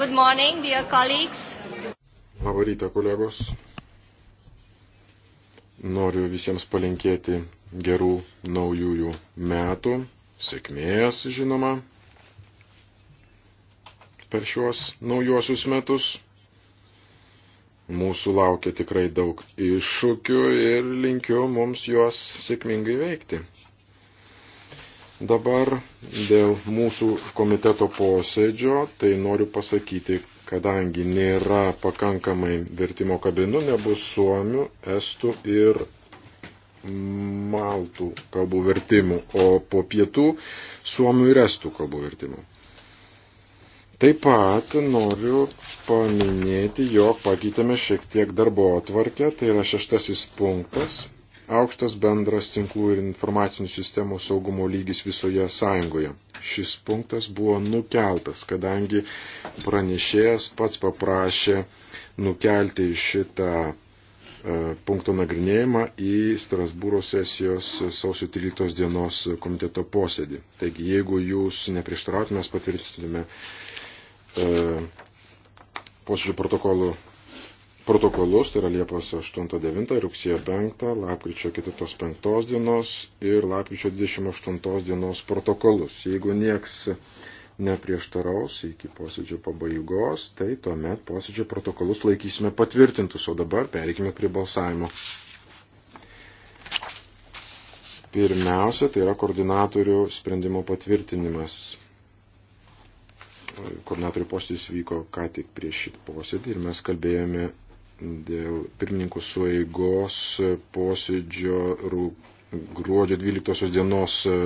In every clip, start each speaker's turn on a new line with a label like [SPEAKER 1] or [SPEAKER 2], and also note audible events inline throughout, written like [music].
[SPEAKER 1] Good morning, dear colleagues.
[SPEAKER 2] Labą rytą, kolegos. Noriu visiems palinkėti gerų naujųjų metų, sėkmės, žinoma, per šiuos naujuosius metus. Mūsų laukia tikrai daug iššūkių ir linkiu mums juos sėkmingai veikti. Dabar dėl mūsų komiteto posėdžio, tai noriu pasakyti, kadangi nėra pakankamai vertimo kabinų, nebus suomių, estų ir maltų kalbų vertimų, o po pietų suomių ir estų kalbų vertimų. Taip pat noriu paminėti, jo pakeitėme šiek tiek darbo atvarkę, tai yra šeštasis punktas aukštas bendras tinklų ir informacinių sistemų saugumo lygis visoje sąjungoje. Šis punktas buvo nukeltas, kadangi pranešėjas pats paprašė nukelti šitą e, punkto nagrinėjimą į Strasbūro sesijos sausio 13 dienos komiteto posėdį. Taigi, jeigu jūs neprieštarautumės, patvirtintume e, posėdžio protokolų protokolus, tai yra Liepos 8-9, rugsėjo 5, lapkričio 4-5 dienos ir lapkričio 28 dienos protokolus. Jeigu nieks neprieštaraus iki posėdžio pabaigos, tai tuomet posėdžio protokolus laikysime patvirtintus, o dabar pereikime prie balsavimo. Pirmiausia, tai yra koordinatorių sprendimo patvirtinimas koordinatorių posėdis vyko ką tik prieš šį posėdį ir mes kalbėjome dėl pirmininkų sueigos posėdžio gruodžio 12 dienos e,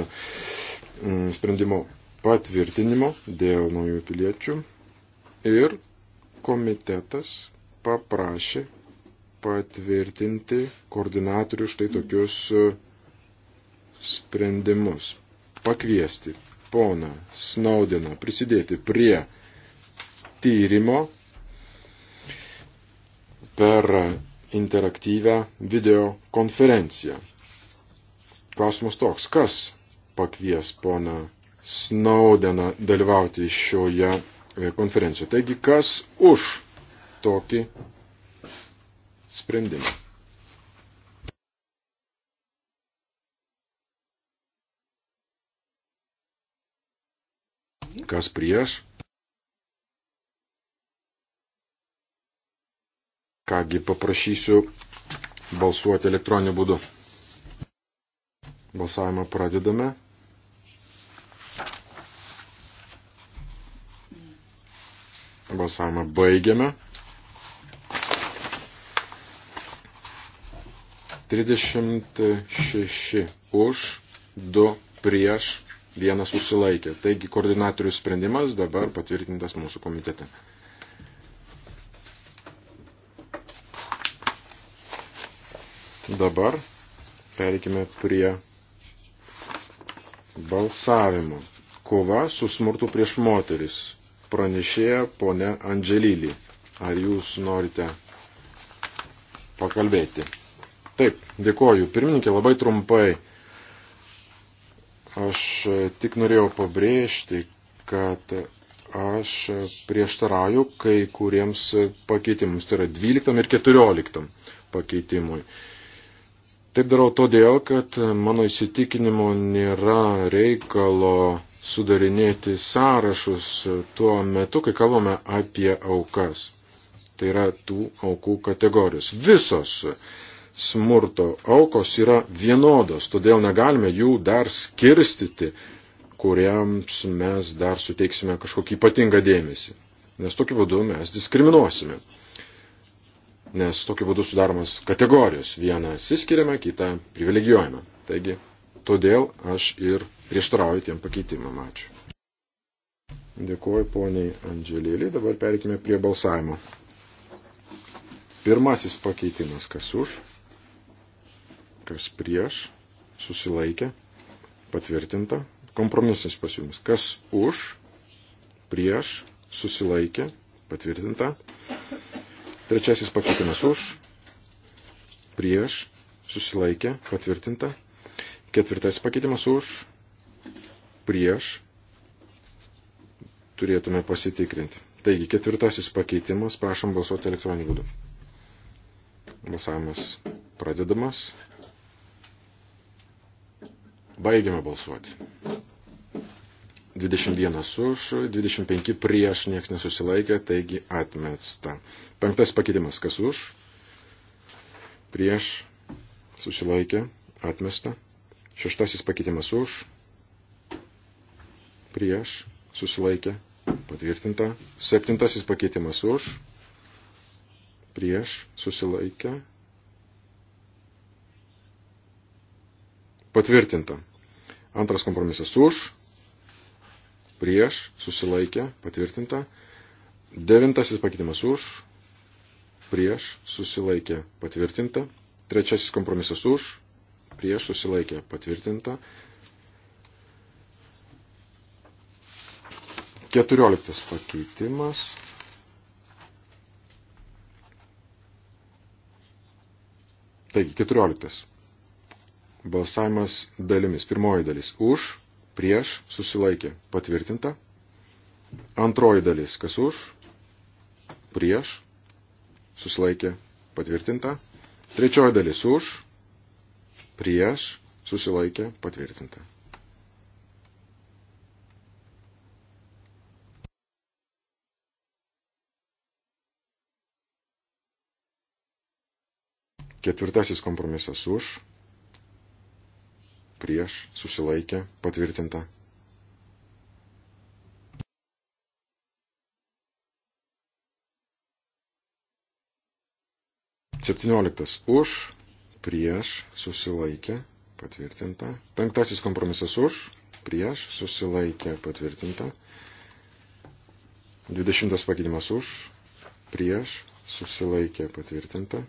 [SPEAKER 2] sprendimo patvirtinimo dėl naujų piliečių ir komitetas paprašė patvirtinti koordinatorių štai tokius e, sprendimus. Pakviesti poną Snaudiną prisidėti prie tyrimo per interaktyvę video konferenciją. Klausimas toks, kas pakvies poną Snaudeną dalyvauti šioje e, konferencijoje. Taigi, kas už tokį sprendimą?
[SPEAKER 1] Kas prieš?
[SPEAKER 2] Kągi paprašysiu balsuoti elektroniniu būdu. Balsavimą pradedame. Balsavimą baigiame. 36 už, 2 prieš, vienas susilaikė. Taigi koordinatorių sprendimas dabar patvirtintas mūsų komitete. Dabar pereikime prie balsavimo. Kova su smurtu prieš moteris. Pranešėja ponia Andželylį. Ar jūs norite pakalbėti? Taip, dėkoju. Pirmininkė, labai trumpai. Aš tik norėjau pabrėžti, kad aš prieštarauju kai kuriems pakeitimams. Tai yra 12 ir 14 pakeitimui. Taip darau todėl, kad mano įsitikinimu nėra reikalo sudarinėti sąrašus tuo metu, kai kalbame apie aukas. Tai yra tų aukų kategorijos. Visos smurto aukos yra vienodos, todėl negalime jų dar skirstyti, kuriems mes dar suteiksime kažkokį ypatingą dėmesį. Nes tokiu būdu mes diskriminuosime nes tokiu būdu sudaromas kategorijos. Vieną siskiriame, kitą privilegijuojame. Taigi, todėl aš ir prieštarauju tiem pakeitimam. Ačiū. Dėkuoju poniai Andželėlį. Dabar pereikime prie balsavimo. Pirmasis pakeitimas, kas už, kas prieš, susilaikė, patvirtinta. Kompromisinis pasiūlymas, kas už, prieš, susilaikė, patvirtinta. Trečiasis pakeitimas už, prieš, susilaikė, patvirtinta. Ketvirtasis pakeitimas už, prieš, turėtume pasitikrinti. Taigi, ketvirtasis pakeitimas, prašom balsuoti elektroniniu būdu. Balsavimas pradedamas. Baigiame balsuoti. 21 už, 25 prieš, nieks nesusilaikė, taigi atmesta. Penktas pakeitimas, kas už, prieš, susilaikė, atmesta. Šeštasis pakeitimas už, prieš, susilaikė, patvirtinta. Septintasis pakeitimas už, prieš, susilaikė, patvirtinta. Antras kompromisas už, prieš, susilaikė, patvirtinta. Devintasis pakeitimas už, prieš, susilaikė, patvirtinta. Trečiasis kompromisas už, prieš, susilaikė, patvirtinta. Keturioliktas pakeitimas. Taigi, keturioliktas. Balsavimas dalimis. Pirmoji dalis už, prieš, susilaikė, patvirtinta. Antroji dalis, kas už, prieš, susilaikė, patvirtinta. Trečioji dalis už, prieš, susilaikė, patvirtinta. Ketvirtasis kompromisas už, prieš, susilaikė, patvirtinta. Septynioliktas už, prieš, susilaikė, patvirtinta. Penktasis kompromisas už, prieš, susilaikė, patvirtinta. Dvidešimtas pakeitimas už, prieš, susilaikė, patvirtinta.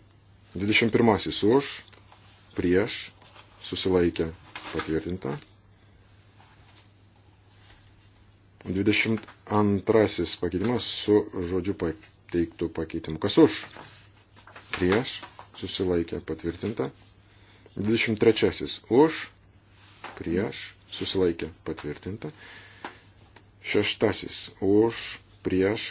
[SPEAKER 2] Dvidešimt pirmasis už, prieš, susilaikė, patvirtinta. 22 pakeitimas su žodžiu pateiktų pakeitimu. Kas už? Prieš susilaikė patvirtinta. 23 už, prieš susilaikė patvirtinta. 6 už, prieš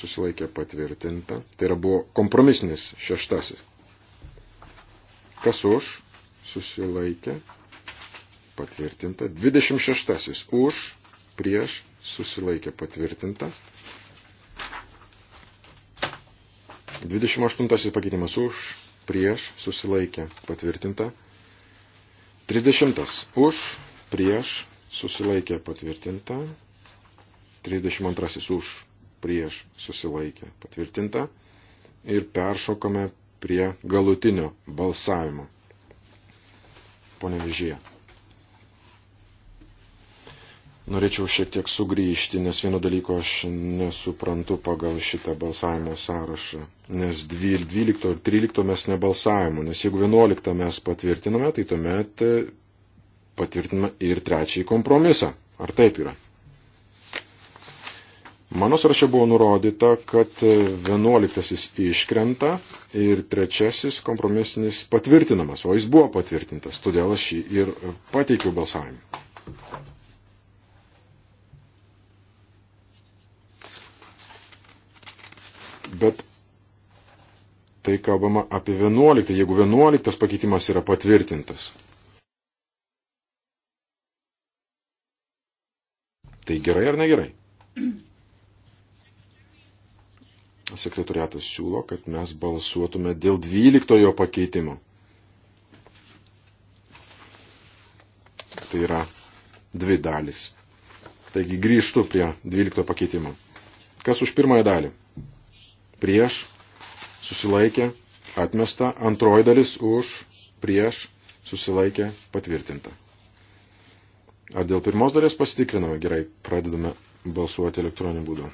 [SPEAKER 2] susilaikė patvirtinta. Tai yra buvo kompromisinis šeštasis. Kas už, susilaikė, patvirtinta. 26. Už, prieš, susilaikė, patvirtinta. 28. pakeitimas už, prieš, susilaikė, patvirtinta. 30. Už, prieš, susilaikė, patvirtinta. 32. Už, prieš, susilaikė, patvirtinta. Ir peršokame prie galutinio balsavimo ponė Viržyje. Norėčiau šiek tiek sugrįžti, nes vieno dalyko aš nesuprantu pagal šitą balsavimo sąrašą. Nes 12 ir 13 mes nebalsavimo, nes jeigu 11 mes patvirtiname, tai tuomet e, patvirtiname ir trečiąjį kompromisą. Ar taip yra? Mano sąraše buvo nurodyta, kad vienuoliktasis iškrenta ir trečiasis kompromisinis patvirtinamas, o jis buvo patvirtintas, todėl aš jį ir pateikiau balsavimui. Bet tai kalbama apie vienuoliktą, jeigu vienuoliktas pakeitimas yra patvirtintas. Tai gerai ar negerai? [clears throat] sekretoriatas siūlo, kad mes balsuotume dėl dvyliktojo pakeitimo. Tai yra dvi dalis. Taigi grįžtu prie dvylikto pakeitimo. Kas už pirmąją dalį? Prieš, susilaikė, atmesta, antroji dalis už, prieš, susilaikė, patvirtinta. Ar dėl pirmos dalies pasitikriname? Gerai, pradedame balsuoti elektroniniu būdu.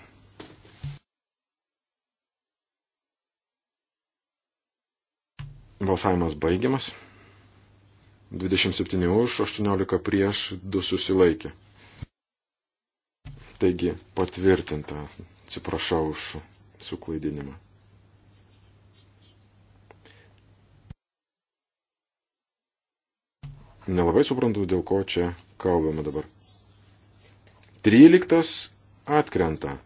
[SPEAKER 2] Balsavimas baigiamas. 27 už, 18 prieš, 2 susilaikė. Taigi patvirtinta, atsiprašau už suklaidinimą. Nelabai suprantu, dėl ko čia kalbame dabar. 13 atkrenta.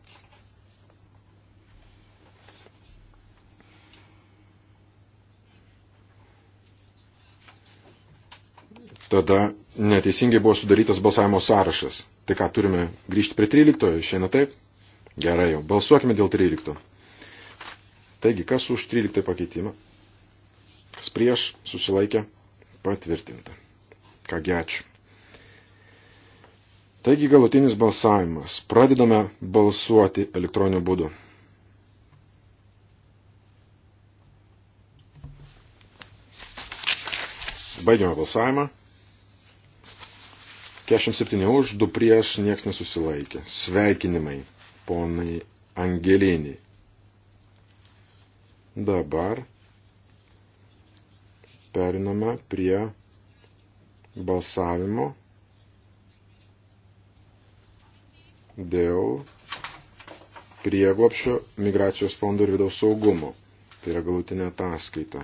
[SPEAKER 2] tada neteisingai buvo sudarytas balsavimo sąrašas. Tai ką, turime grįžti prie 13, šiandien taip? Gerai jau, balsuokime dėl 13. Taigi, kas už 13 pakeitimą? Kas prieš susilaikė? Patvirtinta. Kągi ačiū. Taigi galutinis balsavimas. Pradedame balsuoti elektroniniu būdu. Baigiame balsavimą. 47 už, 2 prieš, nieks nesusilaikė. Sveikinimai, ponai Angeliniai. Dabar periname prie balsavimo dėl prieglopšio migracijos fondo ir vidaus saugumo. Tai yra galutinė ataskaita.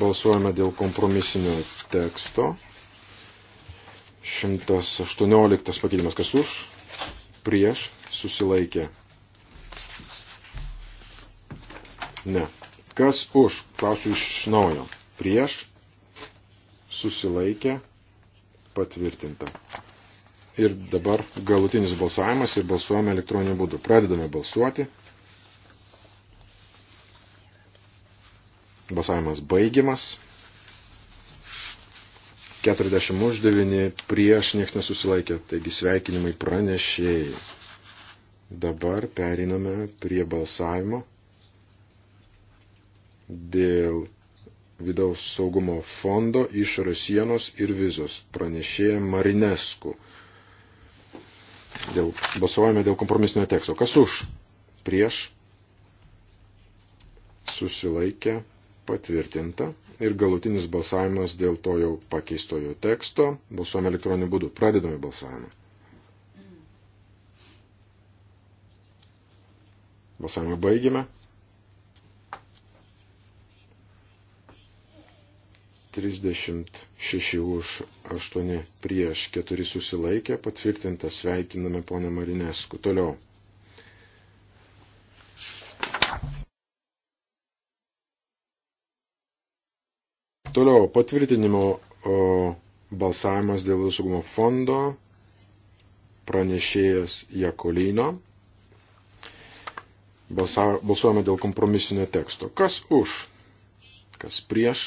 [SPEAKER 2] Balsuojame dėl kompromisinio teksto. 118 pakeitimas kas už, prieš, susilaikė. Ne. Kas už, klausiu iš naujo. Prieš, susilaikė, patvirtinta. Ir dabar galutinis balsavimas ir balsuojame elektroniniu būdu. Pradedame balsuoti. Balsavimas baigiamas. 40 už 9 prieš niekas nesusilaikė, taigi sveikinimai pranešėjai. Dabar periname prie balsavimo dėl vidaus saugumo fondo išorės sienos ir vizos pranešėja Marinesku. Dėl, balsuojame dėl kompromisinio teksto. Kas už? Prieš? Susilaikė? patvirtinta ir galutinis balsavimas dėl to jau pakeistojo teksto. Balsuojame elektroniniu būdu. Pradedame balsavimą. Balsavimą baigime. 36 už 8 prieš 4 susilaikė, patvirtinta sveikiname ponę Marinesku. Toliau. Toliau patvirtinimo o, balsavimas dėl saugumo fondo pranešėjas Jakolino. Balsuojame dėl kompromisinio teksto. Kas už, kas prieš,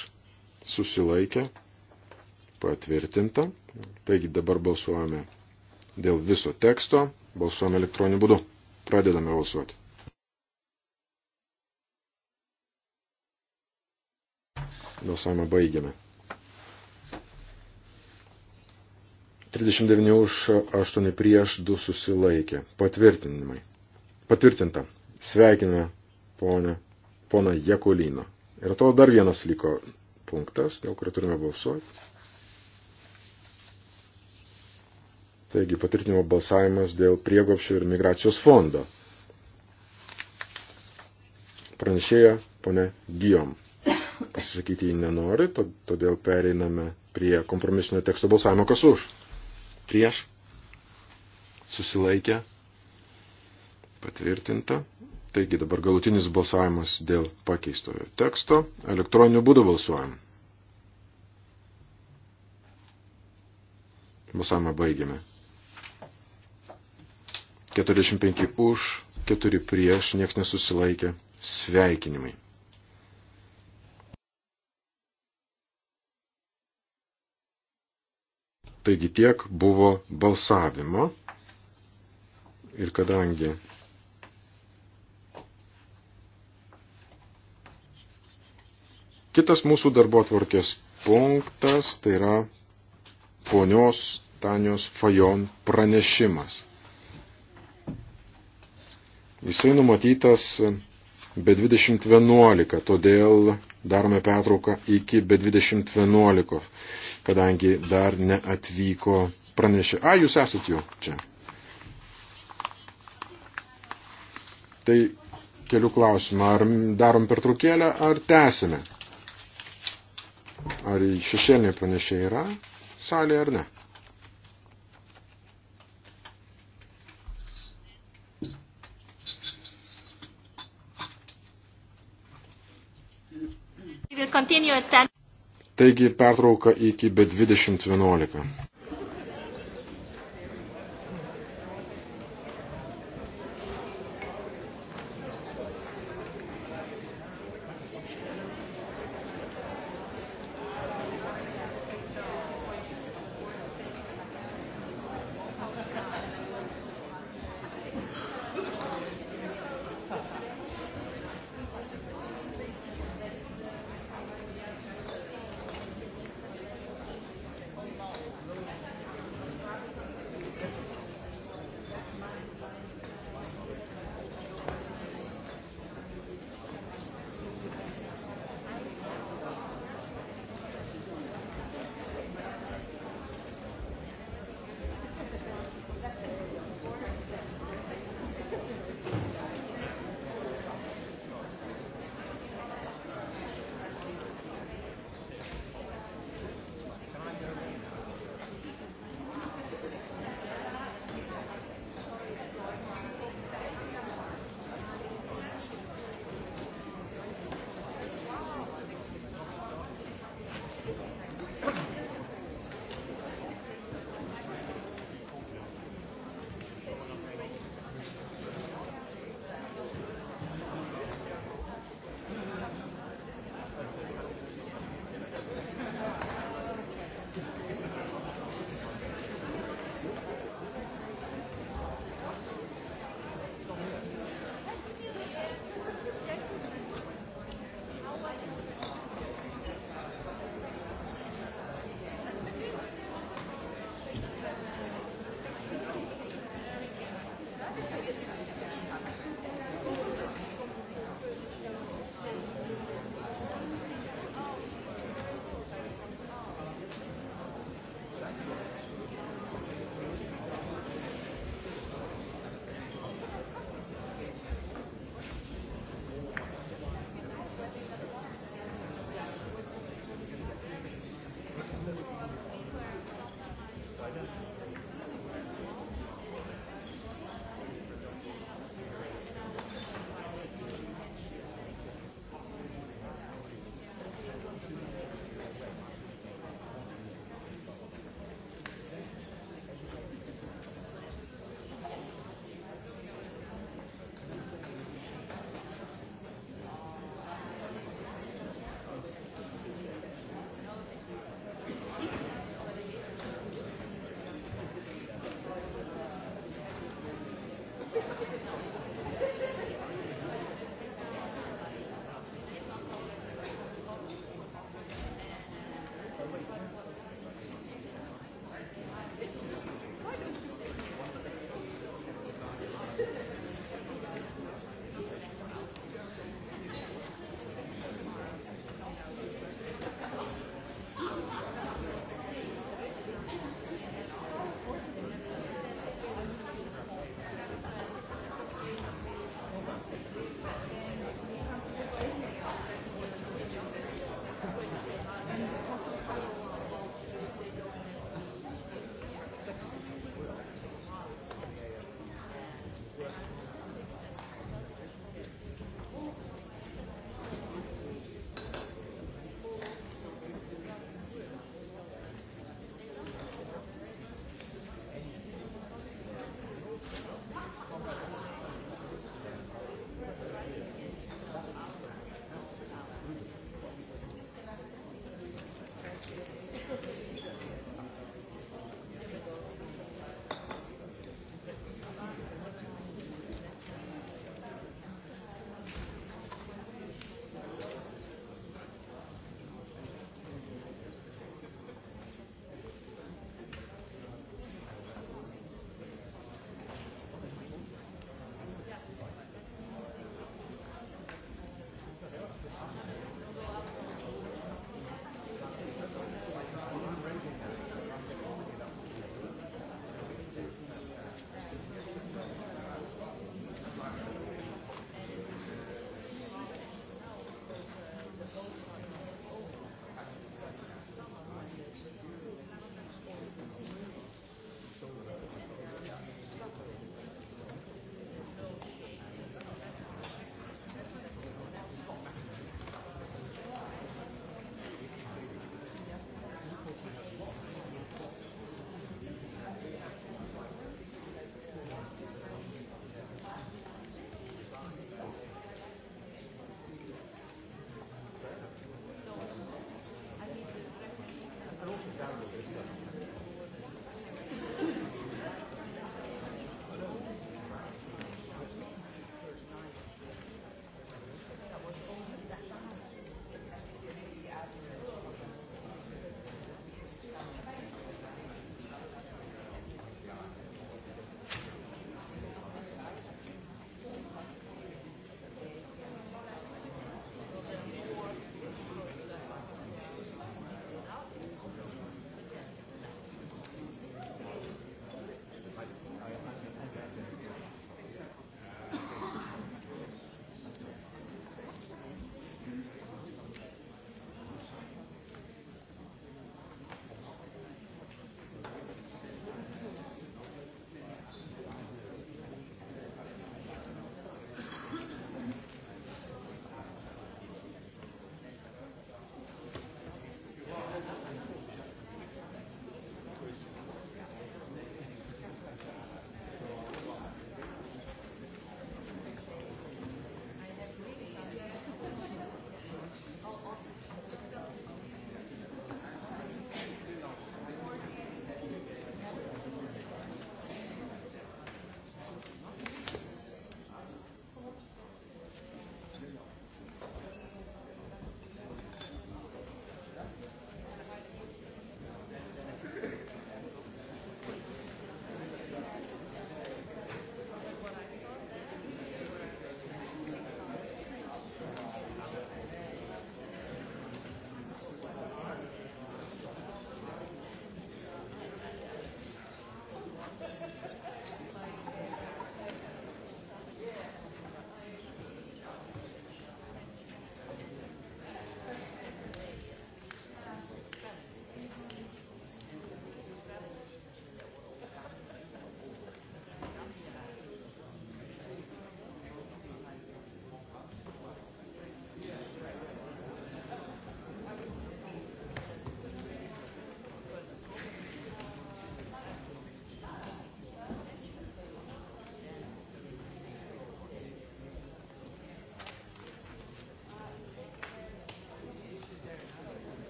[SPEAKER 2] susilaikė, patvirtinta. Taigi dabar balsuojame dėl viso teksto, balsuojame elektroniniu būdu. Pradedame balsuoti. Balsavimą baigiame. 39 už 8 prieš 2 susilaikė. Patvirtinimai. Patvirtinta. Sveikiname ponę, poną Jekolino. Ir to dar vienas liko punktas, dėl kurio turime balsuoti. Taigi patvirtinimo balsavimas dėl priegopščio ir migracijos fondo. Pranešėja ponė Gijom pasisakyti jį nenori, todėl pereiname prie kompromisinio teksto balsavimo, kas už. Prieš. Susilaikę. Patvirtinta. Taigi dabar galutinis balsavimas dėl pakeistojo teksto. Elektroniniu būdu balsuojam. Balsavimą baigiame. 45 už, 4 prieš, nieks nesusilaikė. Sveikinimai. Taigi tiek buvo balsavimo ir kadangi kitas mūsų darbo atvarkės punktas tai yra ponios Tanios Fajon pranešimas. Jisai numatytas be 2011, todėl darome pertrauką iki be 2011 kadangi dar neatvyko pranešė. A, jūs esat jau čia. Tai kelių klausimą, ar darom pertraukėlę, ar tęsime? Ar šešėlinė pranešė yra salė ar ne?
[SPEAKER 1] continue at 10.
[SPEAKER 2] Taigi pertrauka iki be 2011.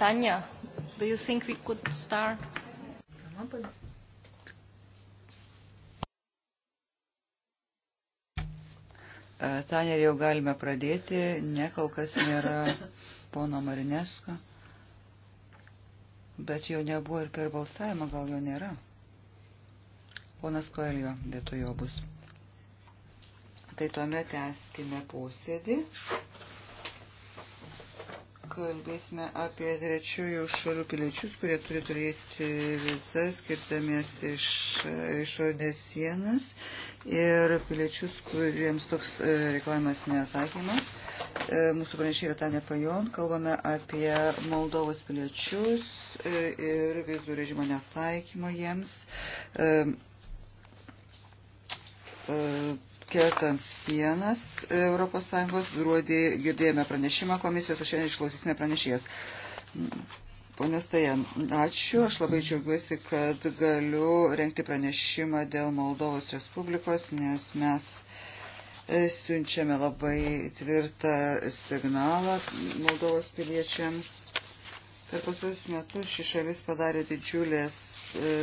[SPEAKER 3] Tanya, do you think we could start?
[SPEAKER 4] Tanya, jau galime pradėti, ne kol kas nėra pono Marinesko, bet jau nebuvo ir per balsavimą, gal jo nėra. Ponas Koelio vietoj jo bus. Tai tuomet tęskime posėdį kalbėsime apie trečiųjų šalių piliečius, kurie turi turėti visas skirtamės iš išorinės sienas ir piliečius, kuriems toks e, reikalavimas netaikymas. E, mūsų pranešė yra Tanė Pajon, kalbame apie Moldovos piliečius e, ir vizų režimo netaikymą jiems. E, e, kertant sienas ES gruodį girdėjome pranešimą komisijos, o šiandien išklausysime pranešėjas. Pone Stajan, ačiū. Aš labai džiaugiuosi, kad galiu renkti pranešimą dėl Moldovos Respublikos, nes mes e, siunčiame labai tvirtą signalą Moldovos piliečiams Per pasaulius metus ši šalis padarė didžiulės e,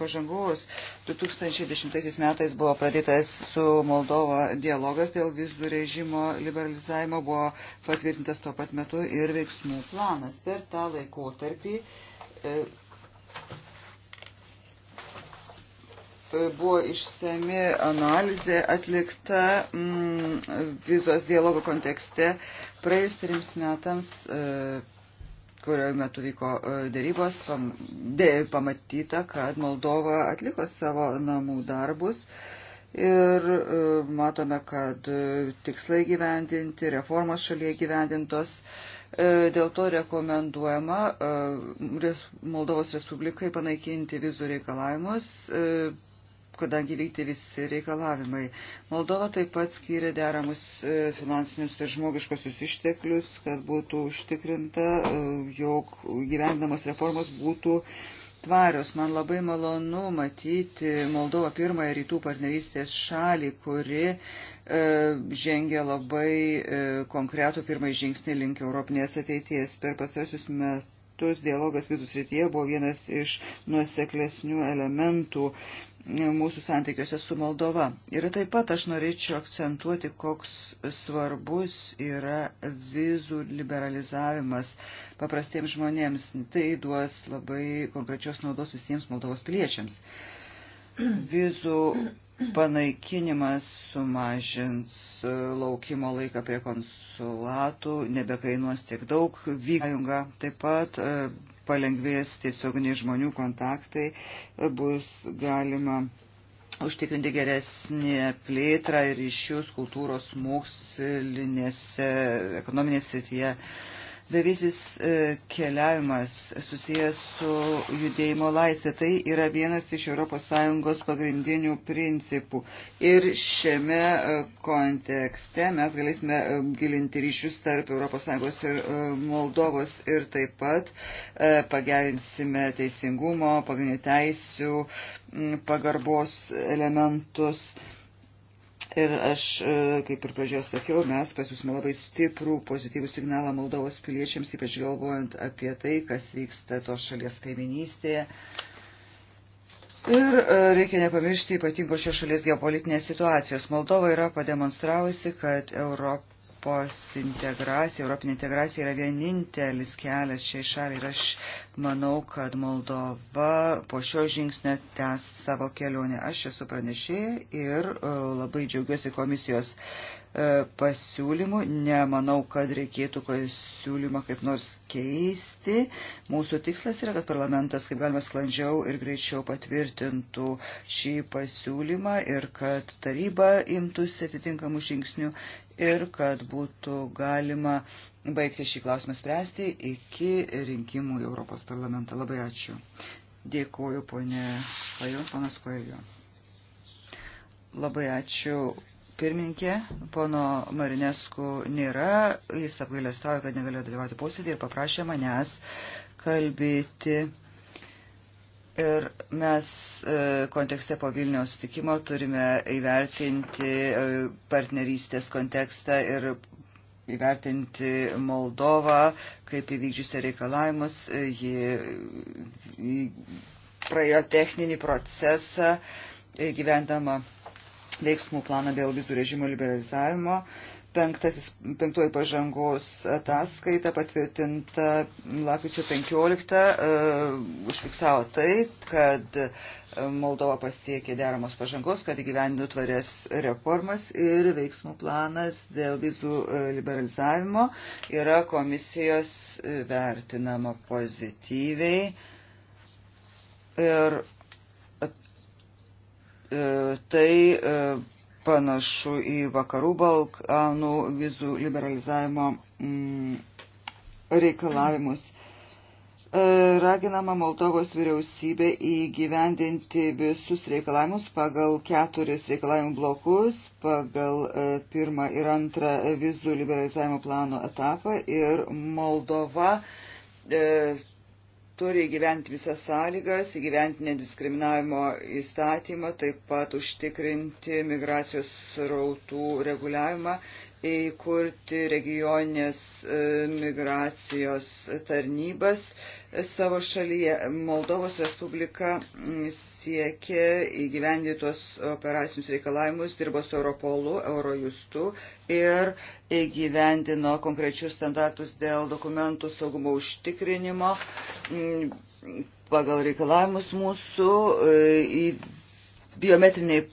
[SPEAKER 4] pažangos. 2010 metais buvo pradėtas su Moldova dialogas dėl vizų režimo liberalizavimo, buvo patvirtintas tuo pat metu ir veiksmų planas. Per tą laikotarpį e, e, buvo išsami analizė atlikta mm, vizos dialogo kontekste. Praėjus trims metams. E, kurio metu vyko e, dėrybos, pam, dė, pamatyta, kad Moldova atliko savo namų darbus ir e, matome, kad e, tikslai gyvendinti, reformos šalyje gyvendintos. Dėl to rekomenduojama Moldovos Respublikai panaikinti vizų reikalavimus kadangi vykti visi reikalavimai. Moldova taip pat skyrė deramus e, finansinius ir žmogiškosius išteklius, kad būtų užtikrinta, e, jog gyvendamos reformos būtų tvarios. Man labai malonu matyti Moldovą pirmąją rytų partnerystės šalį, kuri e, žengia labai e, konkretų pirmąjį žingsnį link Europinės ateities per pastarsius metus. Dialogas vizų srityje buvo vienas iš nuoseklesnių elementų. E, mūsų santykiuose su Moldova. Ir taip pat aš norėčiau akcentuoti, koks svarbus yra vizų liberalizavimas paprastiems žmonėms. Tai duos labai konkrečios naudos visiems Moldovos piliečiams. Vizų panaikinimas sumažins laukimo laiką prie konsulatų, nebekainuos tiek daug. Vykajunga taip pat e, palengvės tiesioginiai žmonių kontaktai, bus galima užtikrinti geresnį plėtrą ir ryšius kultūros mokslinėse, ekonominėse srityje. Uh, Bevizis e, keliavimas susijęs su judėjimo laisvė. Tai yra vienas iš ES pagrindinių principų. Ir šiame e, kontekste mes galėsime e, gilinti ryšius tarp ES ir Moldovos ir taip pat pagerinsime teisingumo, pagrindinių teisių, pagarbos elementus. Ir aš, e, kaip ir pradžioje sakiau, mes pasiūsime labai stiprų pozityvų signalą Moldovos piliečiams, ypač galvojant apie tai, kas vyksta tos šalies kaiminystėje. Ir e, reikia nepamiršti ypatingo šios šalies geopolitinės situacijos. Moldova yra pademonstravusi, kad Europa Europos integracija, Europinė integracija yra vienintelis kelias šiai šaliai ir aš manau, kad Moldova po šio žingsnio tęs savo kelionę. Aš esu pranešėja ir e, labai džiaugiuosi komisijos e, pasiūlymų. Nemanau, kad reikėtų siūlymą kaip nors keisti. Mūsų tikslas yra, kad parlamentas kaip galima sklandžiau ir greičiau patvirtintų šį pasiūlymą ir kad taryba imtųsi atitinkamų žingsnių ir kad būtų galima baigti šį klausimą spręsti iki rinkimų į Europos parlamentą. Labai ačiū. Dėkuoju, ponė Pajon, ponas Kojo. Labai ačiū. Pirmininkė, pono Marinesku nėra, jis apgailestavo, kad negalėjo dalyvauti posėdį ir paprašė manęs kalbėti Ir mes e, kontekste po Vilniaus tikimo turime įvertinti e, partnerystės kontekstą ir įvertinti Moldovą, kaip įvykdžiusią reikalavimus. E, ji praėjo techninį procesą gyvendama veiksmų planą dėl vizų režimo liberalizavimo penktasis, penktoji pažangos ataskaita patvirtinta lakryčio 15 e, užfiksavo tai, kad e, Moldova pasiekė deramos pažangos, kad įgyvendino tvarias reformas ir veiksmų planas dėl vizų e, liberalizavimo yra komisijos vertinama pozityviai. Ir tai panašu į vakarų Balkanų vizų liberalizavimo mm, reikalavimus. E, raginama Moldovos vyriausybė įgyvendinti visus reikalavimus pagal keturis reikalavimų blokus, pagal e, pirmą ir antrą vizų liberalizavimo plano etapą ir Moldova e, turi gyventi visas sąlygas, įgyventi nediskriminavimo įstatymą, taip pat užtikrinti migracijos srautų reguliavimą įkurti regioninės e, migracijos tarnybas savo šalyje. Moldovos Respublika siekė įgyvendytos operacinius reikalavimus, dirbo su Europolu, Eurojustu ir įgyvendino konkrečius standartus dėl dokumentų saugumo užtikrinimo pagal reikalavimus mūsų e, biometriniai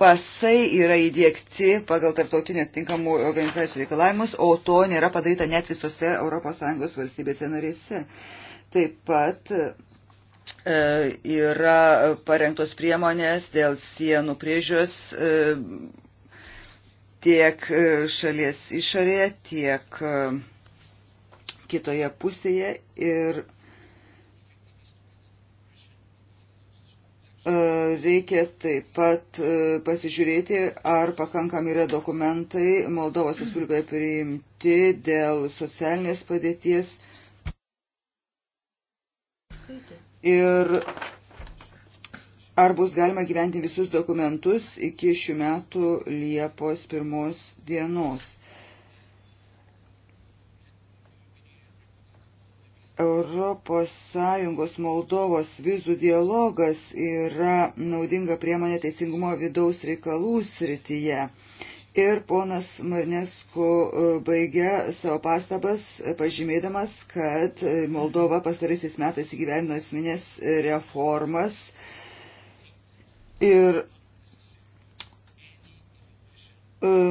[SPEAKER 4] pasai yra įdėkti pagal tarptautinį atitinkamų organizacijų reikalavimus, o to nėra padaryta net visose ES valstybėse narėse. Taip pat e, yra parengtos priemonės dėl sienų priežios e, tiek e, šalies išorėje, tiek e, kitoje pusėje ir E, reikia taip pat e, pasižiūrėti, ar pakankami yra dokumentai Moldovos Respublikoje priimti dėl socialinės padėties. Ir ar bus galima gyventi visus dokumentus iki šių metų Liepos pirmos dienos. ES Moldovos vizų dialogas yra naudinga priemonė teisingumo vidaus reikalų srityje. Ir ponas Marnesku e, baigė savo pastabas e, pažymėdamas, kad e, Moldova pastaraisiais metais įgyvendino esminės reformas ir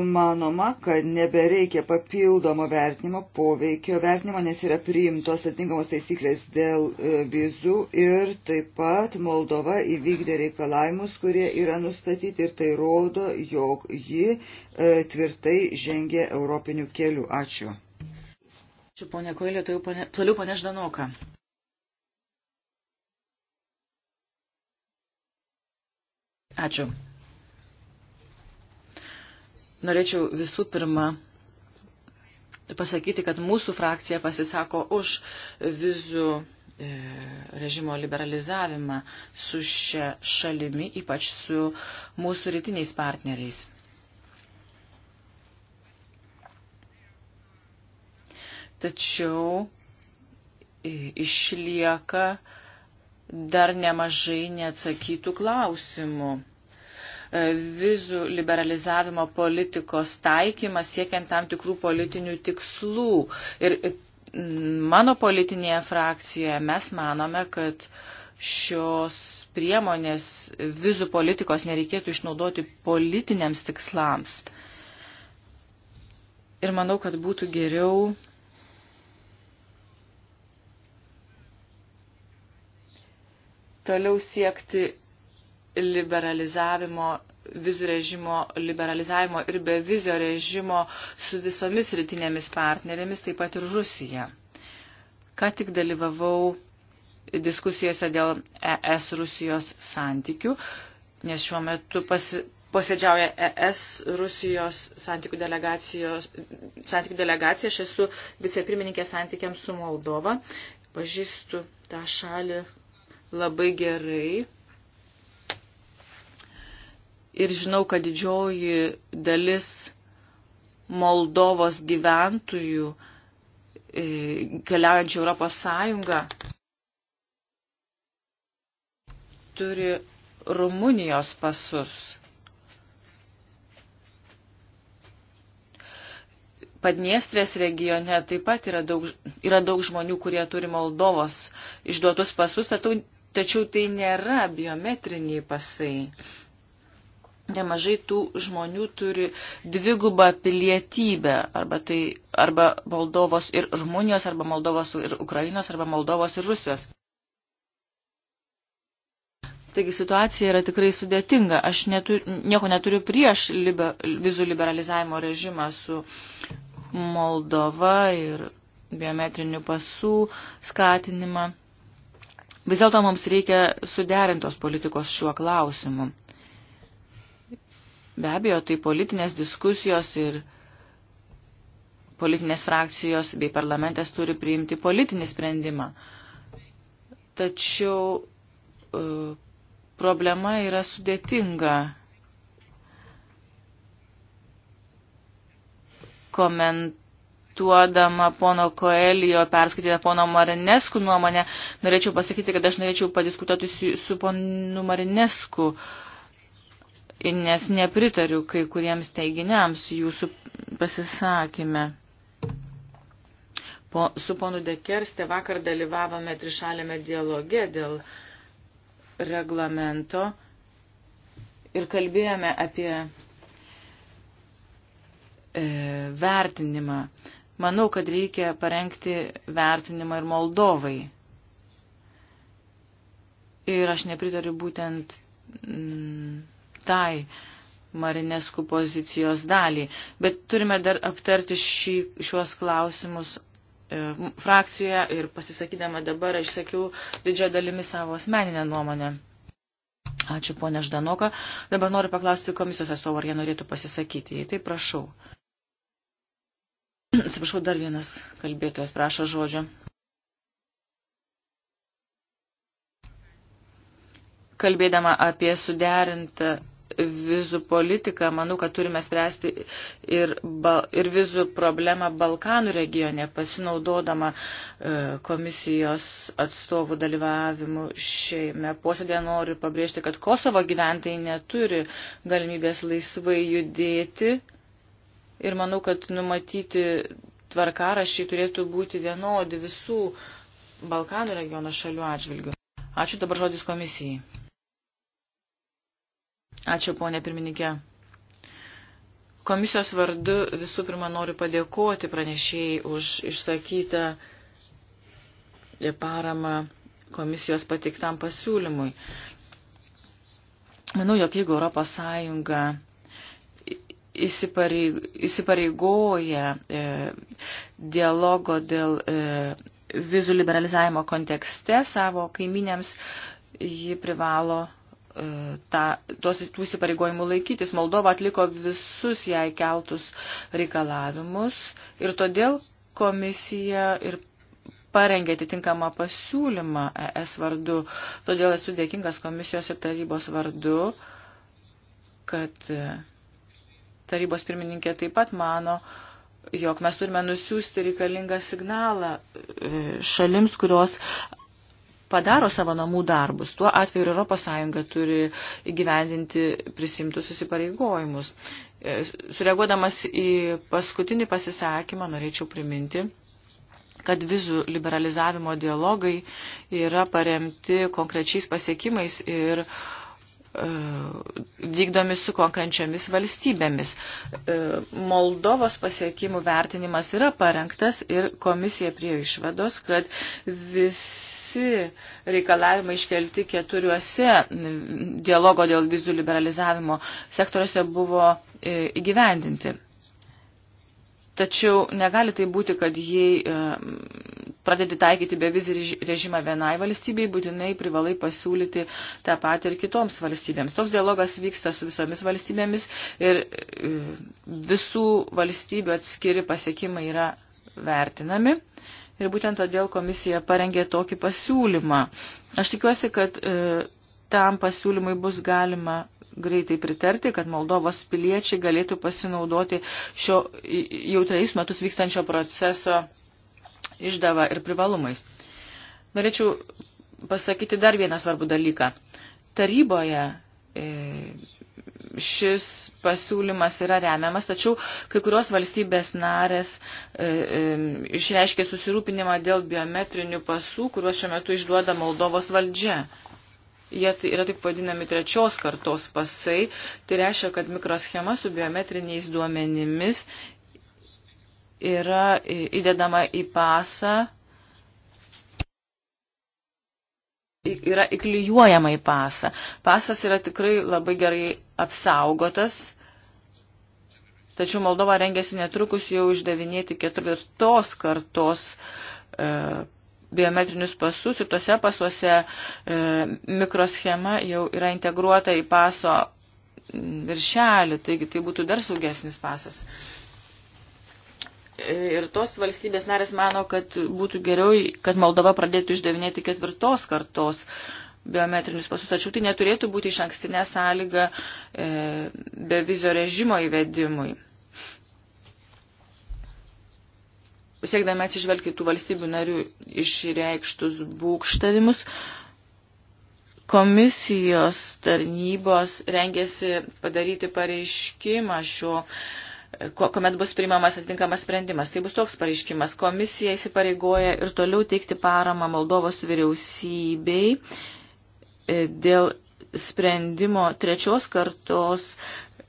[SPEAKER 4] manoma, kad nebereikia papildomo vertinimo, poveikio vertinimo, nes yra priimtos atitinkamos taisyklės dėl e, vizų ir taip pat Moldova įvykdė reikalavimus, kurie yra nustatyti ir tai rodo, jog ji e, tvirtai žengė europinių kelių. Ačiū.
[SPEAKER 3] Ačiū, ponė Koilė, tai jau ponė, toliau ponė Ždanoka. Ačiū. Norėčiau visų pirma pasakyti, kad mūsų frakcija pasisako už vizų e, režimo liberalizavimą su šia šalimi, ypač su mūsų rytiniais partneriais. Tačiau e, išlieka dar nemažai neatsakytų klausimų. E, vizų liberalizavimo politikos taikymas siekiant tam tikrų politinių tikslų. Ir mano politinėje frakcijoje mes manome, kad šios priemonės vizų politikos nereikėtų išnaudoti politiniams tikslams. Ir manau, kad būtų geriau toliau siekti liberalizavimo, vizų režimo liberalizavimo ir be vizio režimo su visomis rytinėmis partnerėmis, taip pat ir Rusija. Ką tik dalyvavau diskusijose dėl ES Rusijos santykių, nes šiuo metu pasi, posėdžiauja ES Rusijos santykių, santykių delegacija, aš esu vicepirmininkė santykiams su Moldova, pažįstu tą šalį labai gerai ir žinau, kad didžioji dalis Moldovos gyventojų e, keliaujančių Europos Sąjungą turi Rumunijos pasus. Padniestrės regione taip pat yra daug, yra daug žmonių, kurie turi Moldovos išduotus pasus, tačiau tai nėra biometriniai pasai nemažai tų žmonių turi dvigubą pilietybę, arba, tai, arba Moldovos ir Rumunijos, arba Moldovos ir Ukrainos, arba Moldovos ir Rusijos. Taigi situacija yra tikrai sudėtinga. Aš netur, nieko neturiu prieš liber, vizų liberalizavimo režimą su Moldova ir biometrinių pasų skatinimą. Vis dėlto mums reikia suderintos politikos šiuo klausimu. Be abejo, tai politinės diskusijos ir politinės frakcijos bei parlamentas turi priimti politinį sprendimą. Tačiau e, problema yra sudėtinga. Komentuodama pono Koelijo, perskaitytą pono Marinesku nuomonę, norėčiau pasakyti, kad aš norėčiau padiskutuoti su, su ponu Marinesku. Uh, nes nepritariu kai kuriems teiginiams jūsų pasisakymę. Po, su ponu Dekerste vakar dalyvavome trišalėme dialoge dėl reglamento ir kalbėjome apie e, vertinimą. Manau, kad reikia parengti vertinimą ir Moldovai. Ir aš nepritariu būtent. Mm, kitai Marineskų pozicijos daliai. Bet turime dar aptarti šį, šiuos klausimus e, frakcijoje ir pasisakydama dabar aš sakiau didžią dalimi savo asmeninę nuomonę. Ačiū ponė Ždanoka. Dabar noriu paklausti komisijos atstovą, ar jie norėtų pasisakyti. Jei tai prašau. Atsiprašau, dar vienas kalbėtojas prašo žodžio. Kalbėdama apie suderintą vizų politiką, manau, kad turime spręsti ir, ir vizų problemą Balkanų regione, pasinaudodama e, komisijos atstovų dalyvavimu šiame posėdė. Noriu pabrėžti, kad Kosovo gyventojai neturi galimybės laisvai judėti ir manau, kad numatyti tvarkarašiai turėtų būti vienodi visų Balkanų regiono šalių atžvilgių. Ačiū dabar žodis komisijai. Ačiū, ponė pirmininkė. Komisijos vardu visų pirma noriu padėkoti pranešėjai už išsakytą paramą komisijos pateiktam pasiūlymui. Manau, jog jeigu Europos Sąjunga įsipareigoja e, dialogo dėl e, vizų liberalizavimo kontekste savo kaiminėms, ji privalo E, ta, tuos tų įsipareigojimų laikytis. Moldova atliko visus jai keltus reikalavimus ir todėl komisija ir parengė atitinkamą pasiūlymą ES vardu. Todėl esu dėkingas komisijos ir tarybos vardu, kad e, tarybos pirmininkė taip pat mano, jog mes turime nusiųsti reikalingą signalą e, šalims, kurios padaro savo namų darbus. Tuo atveju ir ES turi įgyvendinti prisimtus susipareigojimus. E, sureaguodamas į paskutinį pasisakymą, norėčiau priminti, kad vizų liberalizavimo dialogai yra paremti konkrečiais pasiekimais ir uh, E, vykdomi su konkrečiomis valstybėmis. E, Moldovos pasiekimų vertinimas yra parengtas ir komisija prie išvados, kad visi reikalavimai iškelti keturiuose dialogo dėl vizų liberalizavimo sektoriuose buvo e, įgyvendinti. Tačiau negali tai būti, kad jei pradedi taikyti bevizį režimą vienai valstybei, būtinai privalai pasiūlyti tą patį ir kitoms valstybėms. Toks dialogas vyksta su visomis valstybėmis ir e, visų valstybių atskiri pasiekimai yra vertinami. Ir būtent todėl komisija parengė tokį pasiūlymą. Aš tikiuosi, kad e, tam pasiūlymui bus galima greitai pritarti, kad Moldovos piliečiai galėtų pasinaudoti šio jau trejus metus vykstančio proceso išdava ir privalumais. Norėčiau pasakyti dar vieną svarbų dalyką. Taryboje e, šis pasiūlymas yra remiamas, tačiau kai kurios valstybės narės e, e, išreiškė susirūpinimą dėl biometrinių pasų, kuriuos šiuo metu išduoda Moldovos valdžia. Jie tai yra taip vadinami trečios kartos pasai. Tai reiškia, kad mikroschema su biometriniais duomenimis yra įdedama į pasą, yra įklijuojama į pasą. Pasas yra tikrai labai gerai apsaugotas, tačiau Moldova rengiasi netrukus jau išdavinėti ketvirtos kartos e, biometrinius pasus ir tuose pasuose e, mikroschema jau yra integruota į paso viršelį, taigi tai būtų dar saugesnis pasas. E, ir tos valstybės narės mano, kad būtų geriau, kad Moldova pradėtų išdavinėti ketvirtos kartos biometrinius pasus, tačiau tai neturėtų būti iš ankstinė sąlyga e, be vizio režimo įvedimui. siekdami atsižvelgti tų valstybių narių išreikštus būkštavimus, komisijos tarnybos rengėsi padaryti pareiškimą šio kuomet bus priimamas atitinkamas sprendimas. Tai bus toks pareiškimas. Komisija įsipareigoja ir toliau teikti paramą Moldovos vyriausybei e, dėl sprendimo trečios kartos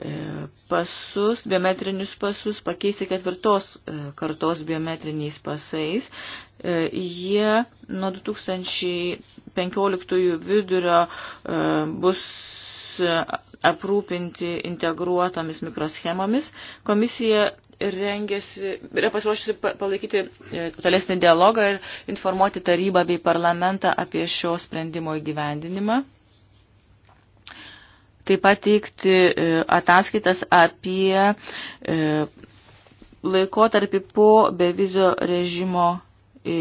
[SPEAKER 3] e, pasus, biometrinius pasus pakeisti ketvirtos e, kartos biometriniais pasais. E, jie nuo 2015 vidurio bus aprūpinti integruotomis mikroschemomis. Komisija rengėsi, yra pasiruošusi palaikyti tolesnį dialogą ir informuoti tarybą bei parlamentą apie šio sprendimo įgyvendinimą taip pat teikti e, ataskaitas apie e, laikotarpį po bevizio režimo e,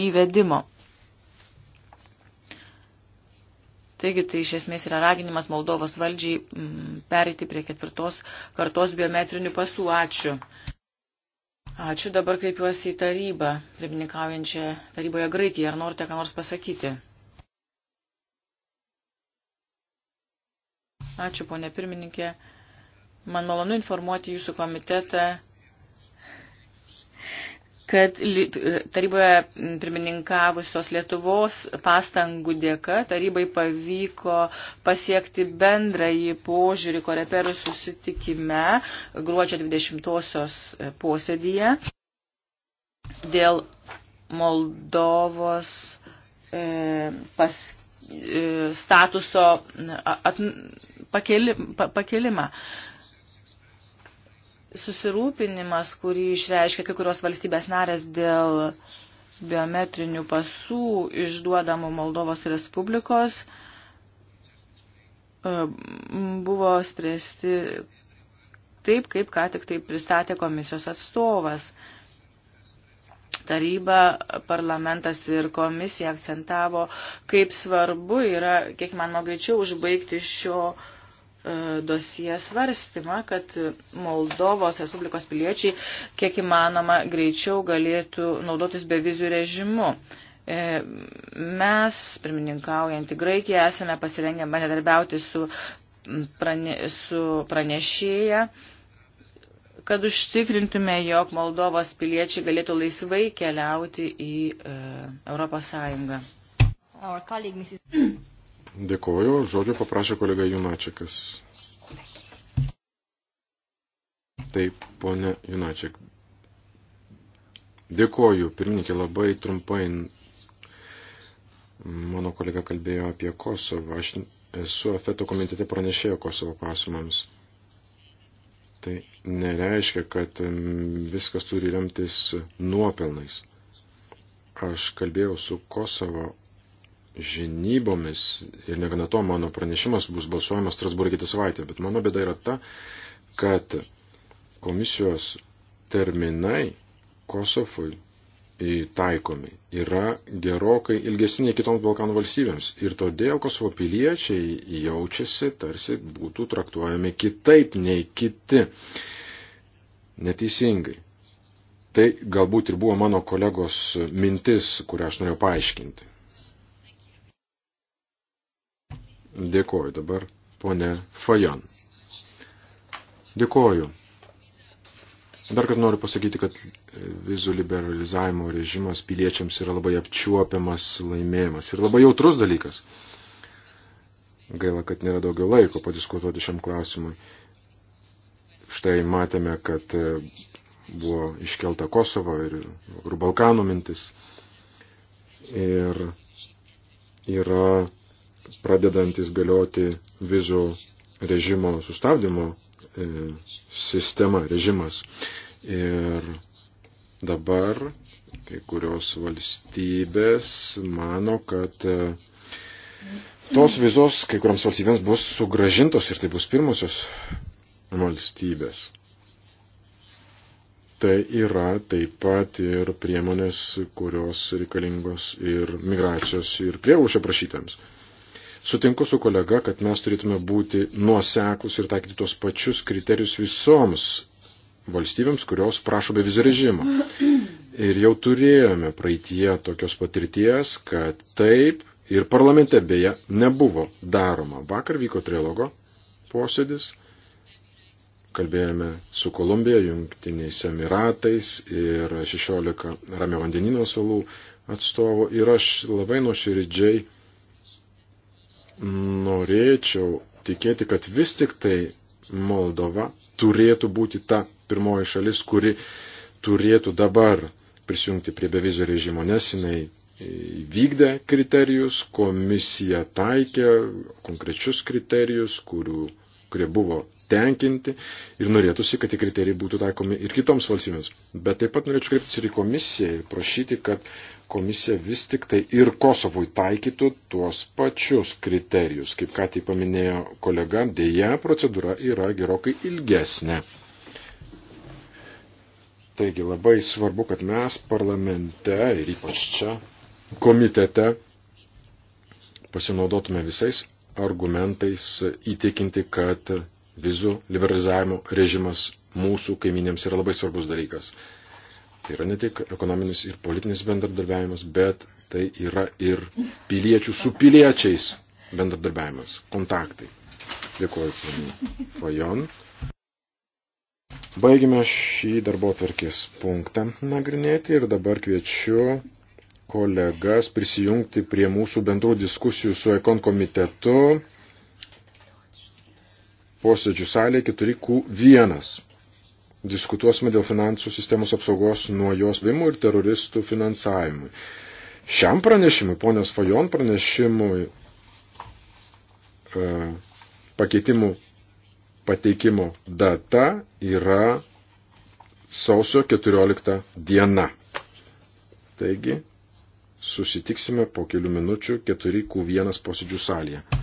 [SPEAKER 3] įvedimo. Taigi tai iš esmės yra raginimas Moldovos valdžiai mm, pereiti prie ketvirtos kartos biometrinių pasų. Ačiū. Ačiū, dabar kreipiuosi į tarybą, pirmininkaujančią taryboje Graikiją. Ar norite ką nors pasakyti? Ačiū, ponė pirmininkė. Man malonu informuoti jūsų komitetą, kad taryboje pirmininkavusios Lietuvos pastangų dėka tarybai pavyko pasiekti bendrąjį požiūrį koreperų susitikime gruodžio 20-osios posėdyje dėl Moldovos e, pas, E, statuso at, pakeli, pa, pakelimą. Susirūpinimas, kurį išreiškia kai kurios valstybės narės dėl biometrinių pasų išduodamų Moldovos Respublikos, e, buvo spręsti taip, kaip ką tik tai pristatė komisijos atstovas. Taryba, parlamentas ir komisija akcentavo, kaip svarbu yra, kiek man greičiau, užbaigti šio e, dosie svarstymą, kad Moldovos Respublikos piliečiai kiek įmanoma greičiau galėtų naudotis bevizijų režimu. E, mes, pirmininkaujantį Graikiją, esame pasirengę bendradarbiauti su, prane, su pranešėja kad užtikrintume, jog Moldovos piliečiai galėtų laisvai keliauti į e, Europos Sąjungą.
[SPEAKER 2] Dėkoju, žodžio paprašė kolega Junačiakas. Taip, ponė Junačiak. Dėkoju, pirmininkė, labai trumpai. Mano kolega kalbėjo apie Kosovą. Aš esu Afeto komitete pranešėjo Kosovo klausimams. Tai nereiškia, kad viskas turi remtis nuopelnais. Aš kalbėjau su Kosovo žinybomis ir negana to mano pranešimas bus balsuojamas Strasbūrė kitą savaitę, bet mano bėda yra ta, kad komisijos terminai Kosovui taikomi yra gerokai ilgesnė kitoms Balkanų valstybėms. Ir todėl Kosovo piliečiai jaučiasi, tarsi būtų traktuojami kitaip nei kiti. Neteisingai. Tai galbūt ir buvo mano kolegos mintis, kurią aš norėjau paaiškinti. Dėkoju dabar, ponė Fajon. Dėkoju. Dar kad noriu pasakyti, kad vizų liberalizavimo režimas piliečiams yra labai apčiuopiamas laimėjimas ir labai jautrus dalykas. Gaila, kad nėra daugiau laiko padiskutuoti šiam klausimui. Štai matėme, kad e, buvo iškelta Kosovo ir, ir Balkanų mintis. Ir yra pradedantis galioti vizų režimo sustabdymo E, sistema, režimas. Ir dabar kai kurios valstybės mano, kad e, tos vizos kai kuriams valstybėms bus sugražintos ir tai bus pirmosios valstybės. Tai yra taip pat ir priemonės, kurios reikalingos ir migracijos ir prieglaušio prašytams. Sutinku su kolega, kad mes turėtume būti nuoseklus ir taikyti tos pačius kriterijus visoms valstybėms, kurios prašo be vizų režimo. Ir jau turėjome praeitie tokios patirties, kad taip ir parlamente beje nebuvo daroma. Vakar vyko trilogo posėdis, kalbėjome su Kolumbija, Junktiniais Emiratais ir 16 Ramio vandenino salų atstovų ir aš labai nuoširdžiai norėčiau tikėti, kad vis tik tai Moldova turėtų būti ta pirmoji šalis, kuri turėtų dabar prisijungti prie bevizio režimo, nes jinai e, vykdė kriterijus, komisija taikė konkrečius kriterijus, kurių, kurie buvo tenkinti ir norėtųsi, kad tie kriterijai būtų taikomi ir kitoms valstybėms. Bet taip pat norėčiau kreiptis ir į komisiją ir prašyti, kad komisija vis tik tai ir Kosovui taikytų tuos pačius kriterijus. Kaip ką tai paminėjo kolega, dėja procedūra yra gerokai ilgesnė. Taigi labai svarbu, kad mes parlamente ir ypač čia komitete pasinaudotume visais argumentais įtikinti, kad vizų liberalizavimo režimas mūsų kaiminėms yra labai svarbus dalykas. Tai yra ne tik ekonominis ir politinis bendradarbiavimas, bet tai yra ir piliečių su piliečiais bendradarbiavimas, kontaktai. Dėkuoju, ponai Fajon. Baigime šį darbo tvarkės punktą nagrinėti ir dabar kviečiu kolegas prisijungti prie mūsų bendrų diskusijų su ekon komitetu posėdžių salė 4Q1. Diskutuosime dėl finansų sistemos apsaugos nuo jos vimų ir teroristų finansavimui. Šiam pranešimui, ponios Fajon pranešimui, e, pakeitimų pateikimo data yra sausio 14 diena. Taigi, susitiksime po kelių minučių 4Q1 posėdžių salėje.